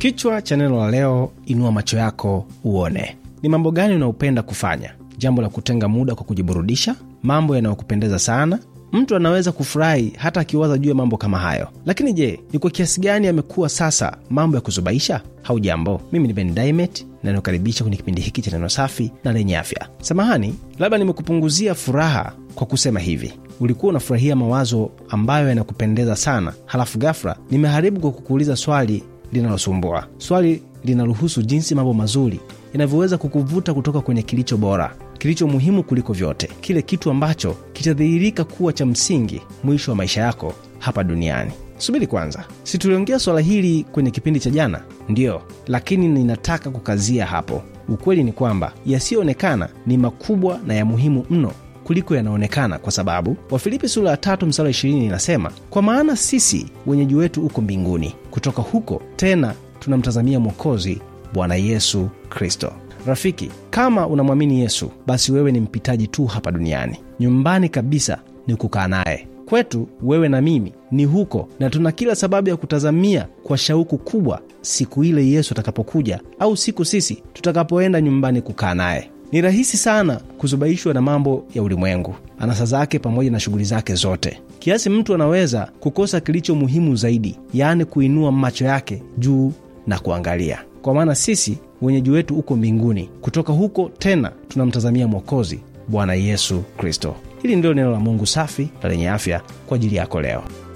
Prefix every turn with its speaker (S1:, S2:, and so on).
S1: Kichwa cha neno la leo, inua macho yako uone. Ni mambo gani unaopenda kufanya? Jambo la kutenga muda kwa kujiburudisha, mambo yanayokupendeza sana. Mtu anaweza kufurahi hata akiwaza juu ya mambo kama hayo, lakini je, ni kwa kiasi gani yamekuwa sasa mambo ya kuzubaisha? jambo mimi ni Ben Diamond na ninakukaribisha kwenye kipindi hiki cha neno safi na lenye afya. Samahani, labda nimekupunguzia furaha kwa kusema hivi. Ulikuwa unafurahia mawazo ambayo yanakupendeza sana, halafu ghafla nimeharibu kwa kukuuliza swali linalosumbua. Swali linaruhusu jinsi mambo mazuri yanavyoweza kukuvuta kutoka kwenye kilicho bora, kilicho muhimu kuliko vyote, kile kitu ambacho kitadhihirika kuwa cha msingi mwisho wa maisha yako hapa duniani. Subiri kwanza, si tuliongea swala hili kwenye kipindi cha jana? Ndiyo, lakini ninataka kukazia hapo. Ukweli ni kwamba yasiyoonekana ni makubwa na ya muhimu mno kuliko yanaonekana, kwa sababu Wafilipi sura ya tatu mstari wa ishirini inasema, kwa maana sisi wenyeji wetu uko mbinguni, kutoka huko tena tunamtazamia Mwokozi Bwana Yesu Kristo. Rafiki, kama unamwamini Yesu, basi wewe ni mpitaji tu hapa duniani. Nyumbani kabisa ni kukaa naye kwetu wewe na mimi ni huko, na tuna kila sababu ya kutazamia kwa shauku kubwa siku ile Yesu atakapokuja, au siku sisi tutakapoenda nyumbani kukaa naye. Ni rahisi sana kuzubaishwa na mambo ya ulimwengu, anasa zake pamoja na shughuli zake zote, kiasi mtu anaweza kukosa kilicho muhimu zaidi, yaani kuinua macho yake juu na kuangalia, kwa maana sisi wenyeji wetu uko mbinguni. Kutoka huko tena tunamtazamia Mwokozi Bwana Yesu Kristo. Hili ndilo neno la Mungu safi na lenye afya kwa ajili yako leo.